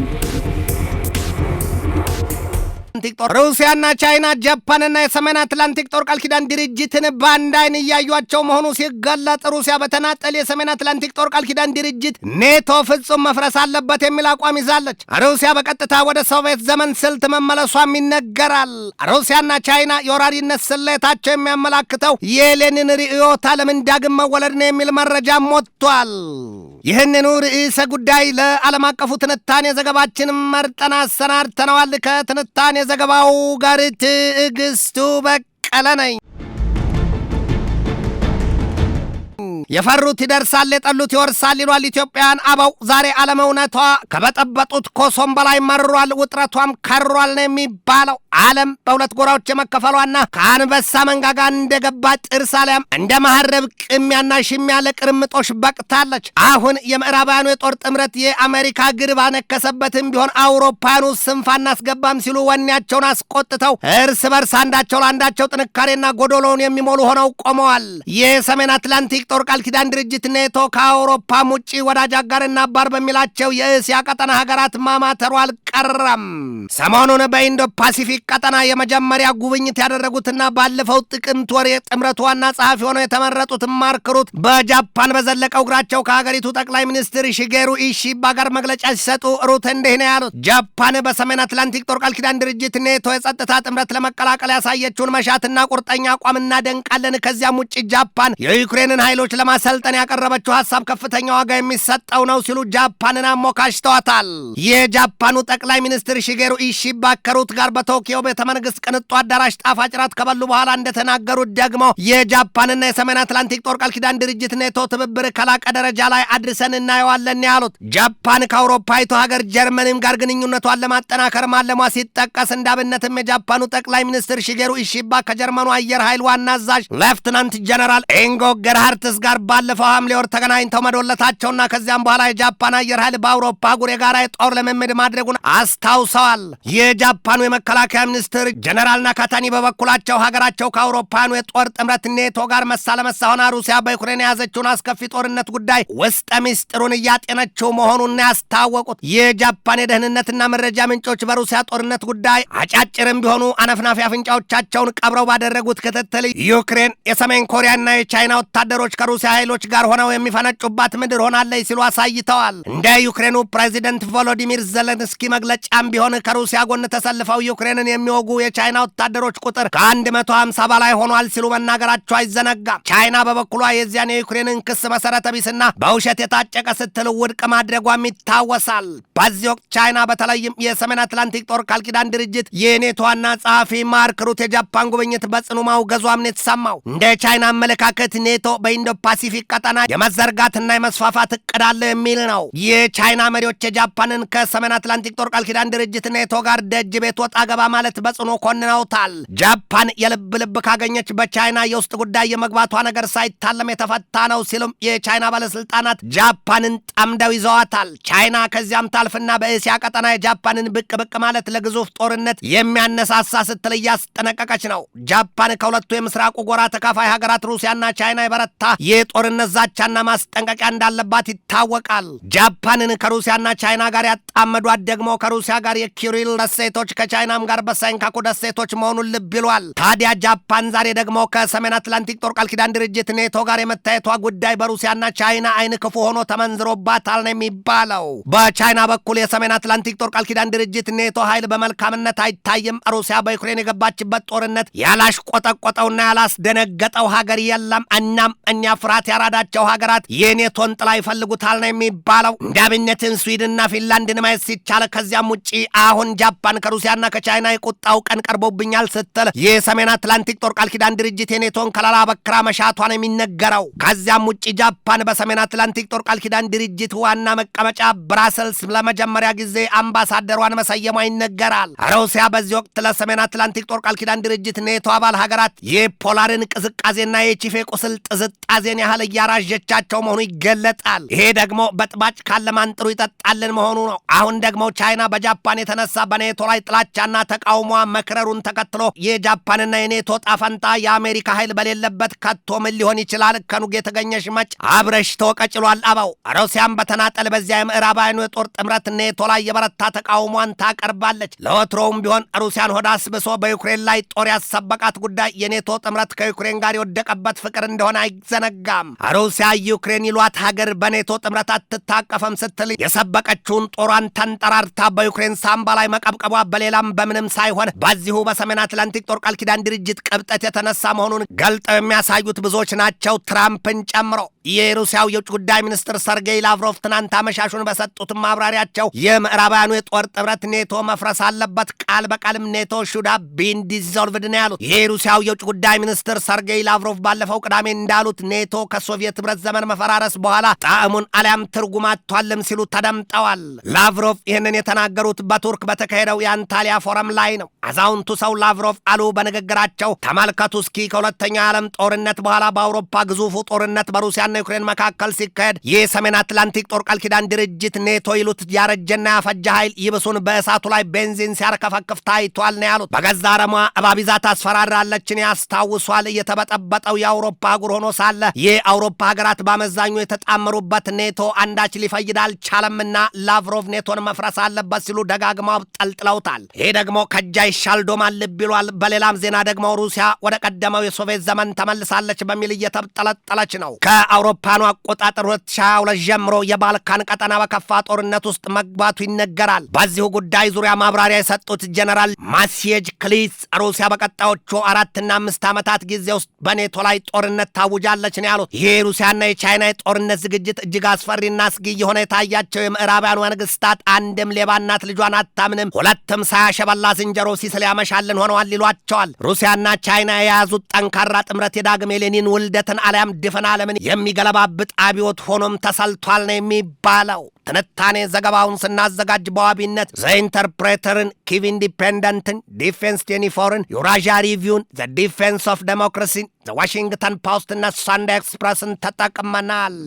Thank you. አትላንቲክ ጦር ሩሲያና ቻይና ጃፓንና የሰሜን አትላንቲክ ጦር ቃል ኪዳን ድርጅትን በአንድ አይን እያዩቸው መሆኑ ሲገለጥ ሩሲያ በተናጠል የሰሜን አትላንቲክ ጦር ቃል ኪዳን ድርጅት ኔቶ ፍጹም መፍረስ አለበት የሚል አቋም ይዛለች። ሩሲያ በቀጥታ ወደ ሶቪየት ዘመን ስልት መመለሷም ይነገራል። ሩሲያና ቻይና የወራሪነት ስሌታቸው የሚያመላክተው የሌኒን ርዕዮተ ዓለምን ዳግም መወለድ ነው የሚል መረጃም ወጥቷል። ይህንኑ ርዕሰ ጉዳይ ለዓለም አቀፉ ትንታኔ ዘገባችን መርጠን አሰናድተነዋል። ከትንታኔ ከዘገባው ጋር ትዕግስቱ በቀለ ነኝ። የፈሩት ይደርሳል፣ የጠሉት ይወርሳል ይሏል ኢትዮጵያውያን አበው። ዛሬ ዓለም እውነቷ ከበጠበጡት ኮሶም በላይ መሯል፣ ውጥረቷም ከሯል ነው የሚባለው። ዓለም በሁለት ጎራዎች የመከፈሏና ከአንበሳ መንጋጋ እንደገባ ጥርስ አሊያም እንደ መሀረብ ቅሚያና ሽሚያ ለቅርምጦሽ በቅታለች። አሁን የምዕራባውያኑ የጦር ጥምረት የአሜሪካ ግር ባነከሰበትም ቢሆን አውሮፓውያኑ ስንፍ አናስገባም ሲሉ ወኔያቸውን አስቆጥተው እርስ በርስ አንዳቸው ለአንዳቸው ጥንካሬና ጎዶሎውን የሚሞሉ ሆነው ቆመዋል። የሰሜን አትላንቲክ ጦር ቃል ቃል ኪዳን ድርጅት ኔቶ ከአውሮፓም ውጪ ወዳጅ አጋርና አባር በሚላቸው የእስያ ቀጠና ሀገራት ማማተሩ አልቀረም። ሰሞኑን በኢንዶ ፓሲፊክ ቀጠና የመጀመሪያ ጉብኝት ያደረጉትና ባለፈው ጥቅምት ወር የጥምረቱ ዋና ጸሐፊ ሆነው የተመረጡት ማርክ ሩት በጃፓን በዘለቀው እግራቸው ከሀገሪቱ ጠቅላይ ሚኒስትር ሽጌሩ ኢሺባ ጋር መግለጫ ሲሰጡ ሩት እንዲህ ነው ያሉት። ጃፓን በሰሜን አትላንቲክ ጦር ቃል ኪዳን ድርጅት ኔቶ የጸጥታ ጥምረት ለመቀላቀል ያሳየችውን መሻትና ቁርጠኛ አቋም እናደንቃለን። ከዚያም ውጭ ጃፓን የዩክሬንን ኃይሎች ለማሰልጠን ያቀረበችው ሀሳብ ከፍተኛ ዋጋ የሚሰጠው ነው ሲሉ ጃፓንን አሞካሽተዋታል። የጃፓኑ ጠቅላይ ሚኒስትር ሺገሩ ኢሺባ ከሩት ጋር በቶኪዮ ቤተ መንግስት ቅንጡ አዳራሽ ጣፋጭ ራት ከበሉ በኋላ እንደተናገሩት ደግሞ የጃፓንና የሰሜን አትላንቲክ ጦር ቃል ኪዳን ድርጅት ኔቶ ትብብር ከላቀ ደረጃ ላይ አድርሰን እናየዋለን ያሉት ጃፓን ከአውሮፓዊቱ ሀገር ጀርመንም ጋር ግንኙነቷን ለማጠናከር ማለሟ ሲጠቀስ እንዳብነትም የጃፓኑ ጠቅላይ ሚኒስትር ሺጌሩ ኢሺባ ከጀርመኑ አየር ኃይል ዋና አዛዥ ሌፍትናንት ጀነራል ኢንጎ ገርሃርትስ ጋር ጋር ባለፈው ሐምሌ ወር ተገናኝተው መዶለታቸውና ከዚያም በኋላ የጃፓን አየር ኃይል በአውሮፓ አህጉር የጋራ የጦር ልምምድ ማድረጉን አስታውሰዋል። የጃፓኑ የመከላከያ ሚኒስትር ጀነራል ናካታኒ በበኩላቸው ሀገራቸው ከአውሮፓውያኑ የጦር ጥምረት ኔቶ ጋር መሳ ለመሳ ሆና ሩሲያ በዩክሬን የያዘችውን አስከፊ ጦርነት ጉዳይ ውስጠ ሚስጢሩን እያጤነችው መሆኑን ያስታወቁት የጃፓን የደህንነትና መረጃ ምንጮች በሩሲያ ጦርነት ጉዳይ አጫጭርም ቢሆኑ አነፍናፊ አፍንጫዎቻቸውን ቀብረው ባደረጉት ክትትል ዩክሬን የሰሜን ኮሪያና የቻይና ወታደሮች ከሩሲያ ኃይሎች ጋር ሆነው የሚፈነጩባት ምድር ሆናለች ሲሉ አሳይተዋል። እንደ ዩክሬኑ ፕሬዚደንት ቮሎዲሚር ዘለንስኪ መግለጫም ቢሆን ከሩሲያ ጎን ተሰልፈው ዩክሬንን የሚወጉ የቻይና ወታደሮች ቁጥር ከ ሀምሳ በላይ ሆኗል ሲሉ መናገራቸው አይዘነጋም። ቻይና በበኩሏ የዚያን የዩክሬንን ክስ መሰረተ ቢስና በውሸት የታጨቀ ስትል ውድቅ ማድረጓም ይታወሳል። በዚህ ወቅት ቻይና በተለይም የሰሜን አትላንቲክ ጦር ቃል ኪዳን ድርጅት የኔቶ ዋና ጸሐፊ ማርክ ሩት የጃፓን ጉብኝት በጽኑ ማውገዟም ነው የተሰማው። እንደ ቻይና አመለካከት ኔቶ በኢንዶ ፓሲፊክ ቀጠና የመዘርጋትና የመስፋፋት እቅድ አለው የሚል ነው። የቻይና መሪዎች የጃፓንን ከሰሜን አትላንቲክ ጦር ቃል ኪዳን ድርጅት ኔቶ ጋር ደጅ ቤት ወጣ ገባ ማለት በጽኑ ኮንነውታል። ጃፓን የልብ ልብ ካገኘች በቻይና የውስጥ ጉዳይ የመግባቷ ነገር ሳይታለም የተፈታ ነው ሲሉም የቻይና ባለስልጣናት ጃፓንን ጠምደው ይዘዋታል። ቻይና ከዚያም ታል ማለፍና በእስያ ቀጠና የጃፓንን ብቅ ብቅ ማለት ለግዙፍ ጦርነት የሚያነሳሳ ስትል እያስጠነቀቀች ነው። ጃፓን ከሁለቱ የምስራቁ ጎራ ተካፋይ ሀገራት ሩሲያና ቻይና የበረታ የጦርነት ዛቻና ማስጠንቀቂያ እንዳለባት ይታወቃል። ጃፓንን ከሩሲያና ቻይና ጋር ያጣመዷት ደግሞ ከሩሲያ ጋር የኪሪል ደሴቶች ከቻይናም ጋር በሳይንካኩ ደሴቶች መሆኑን ልብ ይሏል። ታዲያ ጃፓን ዛሬ ደግሞ ከሰሜን አትላንቲክ ጦር ቃል ኪዳን ድርጅት ኔቶ ጋር የመታየቷ ጉዳይ በሩሲያና ቻይና አይን ክፉ ሆኖ ተመንዝሮባታል ነው የሚባለው በቻይና በኩል የሰሜን አትላንቲክ ጦር ቃል ኪዳን ድርጅት ኔቶ ኃይል በመልካምነት አይታይም። ሩሲያ በዩክሬን የገባችበት ጦርነት ያላሽቆጠቆጠውና ያላስደነገጠው ሀገር የለም። እናም እኛ ፍርሃት ያራዳቸው ሀገራት የኔቶን ጥላ ይፈልጉታል ነው የሚባለው። እንደ አብነትን ስዊድንና ፊንላንድን ማየት ሲቻል፣ ከዚያም ውጪ አሁን ጃፓን ከሩሲያና ከቻይና የቁጣው ቀን ቀርቦብኛል ስትል የሰሜን አትላንቲክ ጦር ቃል ኪዳን ድርጅት የኔቶን ከለላ በክራ መሻቷን የሚነገረው። ከዚያም ውጪ ጃፓን በሰሜን አትላንቲክ ጦር ቃል ኪዳን ድርጅት ዋና መቀመጫ ብራሰልስ ለመጀመሪያ ጊዜ አምባሳደሯን መሰየሟ ይነገራል። ሩሲያ በዚህ ወቅት ለሰሜን አትላንቲክ ጦር ቃል ኪዳን ድርጅት ኔቶ አባል ሀገራት የፖላርን ቅዝቃዜና የቺፌ ቁስል ጥዝጣዜን ያህል እያራዠቻቸው መሆኑ ይገለጣል። ይሄ ደግሞ በጥባጭ ካለማንጥሩ ይጠጣልን መሆኑ ነው። አሁን ደግሞ ቻይና በጃፓን የተነሳ በኔቶ ላይ ጥላቻና ተቃውሟ መክረሩን ተከትሎ የጃፓንና የኔቶ ጣፈንታ የአሜሪካ ኃይል በሌለበት ከቶ ምን ሊሆን ይችላል? ከኑግ የተገኘ ሽመጭ አብረሽ ተወቀጭሏል። አባው ሩሲያም በተናጠል በዚያ የምዕራባውያኑ የጦር ጥምረት ሀገራትና ኔቶ ላይ የበረታ ተቃውሟን ታቀርባለች። ለወትሮውም ቢሆን ሩሲያን ሆዳ አስብሶ በዩክሬን ላይ ጦር ያሰበቃት ጉዳይ የኔቶ ጥምረት ከዩክሬን ጋር የወደቀበት ፍቅር እንደሆነ አይዘነጋም። ሩሲያ ዩክሬን ይሏት ሀገር በኔቶ ጥምረት አትታቀፈም ስትል የሰበቀችውን ጦሯን ተንጠራርታ በዩክሬን ሳምባ ላይ መቀብቀቧ በሌላም በምንም ሳይሆን በዚሁ በሰሜን አትላንቲክ ጦር ቃል ኪዳን ድርጅት ቅብጠት የተነሳ መሆኑን ገልጠው የሚያሳዩት ብዙዎች ናቸው፣ ትራምፕን ጨምሮ። የሩሲያው የውጭ ጉዳይ ሚኒስትር ሰርጌይ ላቭሮቭ ትናንት አመሻሹን በሰጡት ማብራሪያቸው የምዕራባውያኑ የጦር ጥብረት ኔቶ መፍረስ አለበት፣ ቃል በቃልም ኔቶ ሹዳ ቢን ዲዞልቭድ ነው ያሉት። የሩሲያው የውጭ ጉዳይ ሚኒስትር ሰርጌይ ላቭሮቭ ባለፈው ቅዳሜ እንዳሉት ኔቶ ከሶቪየት ህብረት ዘመን መፈራረስ በኋላ ጣዕሙን አሊያም ትርጉም አጥቷልም ሲሉ ተደምጠዋል። ላቭሮቭ ይህንን የተናገሩት በቱርክ በተካሄደው የአንታሊያ ፎረም ላይ ነው። አዛውንቱ ሰው ላቭሮቭ አሉ በንግግራቸው ተመልከቱ እስኪ ከሁለተኛው የዓለም ጦርነት በኋላ በአውሮፓ ግዙፉ ጦርነት በሩሲያ ዩክሬን መካከል ሲካሄድ ይህ ሰሜን አትላንቲክ ጦር ቃል ኪዳን ድርጅት ኔቶ ይሉት ያረጀና ያፈጀ ኃይል ይብሱን በእሳቱ ላይ ቤንዚን ሲያርከፈክፍ ታይቷል ነው ያሉት። በገዛ ረሟ እባብ ይዛ ታስፈራራለችን ያስታውሷል። የተበጠበጠው የአውሮፓ አህጉር ሆኖ ሳለ ይህ አውሮፓ ሀገራት በአመዛኙ የተጣመሩበት ኔቶ አንዳች ሊፈይድ አልቻለምና ላቭሮቭ ኔቶን መፍረስ አለበት ሲሉ ደጋግመው ጠልጥለውታል። ይህ ደግሞ ከጃይ ሻልዶማን ልብ ይሏል። በሌላም ዜና ደግሞ ሩሲያ ወደ ቀደመው የሶቪየት ዘመን ተመልሳለች በሚል እየተጠለጠለች ነው። ከአውሮ አውሮፓኑ አቆጣጠር 2022 ጀምሮ የባልካን ቀጠና በከፋ ጦርነት ውስጥ መግባቱ ይነገራል። በዚሁ ጉዳይ ዙሪያ ማብራሪያ የሰጡት ጀነራል ማሲየጅ ክሊስ ሩሲያ በቀጣዮቹ አራትና አምስት ዓመታት ጊዜ ውስጥ በኔቶ ላይ ጦርነት ታውጃለች ነው ያሉት። ይህ የሩሲያና የቻይና የጦርነት ዝግጅት እጅግ አስፈሪና አስጊ የሆነ የታያቸው የምዕራባውያኑ መንግስታት አንድም ሌባ እናት ልጇን አታምንም፣ ሁለትም ሳያሸበላ ዝንጀሮ ሲስል ያመሻልን ሆነዋል ይሏቸዋል። ሩሲያና ቻይና የያዙት ጠንካራ ጥምረት የዳግም የሌኒን ውልደትን አሊያም ድፍን ዓለምን የሚ የሚገለባብጥ አብዮት ሆኖም ተሰልቷል ነው የሚባለው። ትንታኔ ዘገባውን ስናዘጋጅ በዋቢነት ዘኢንተርፕሬተርን፣ ኪቭ ኢንዲፔንደንትን፣ ዲፌንስ ቴኒፎርን፣ ዩራዣ ሪቪውን፣ ዘ ዲፌንስ ኦፍ ዴሞክራሲን፣ ዘ ዋሽንግተን ፖስት ሳንዳይ ኤክስፕረስን ተጠቅመናል።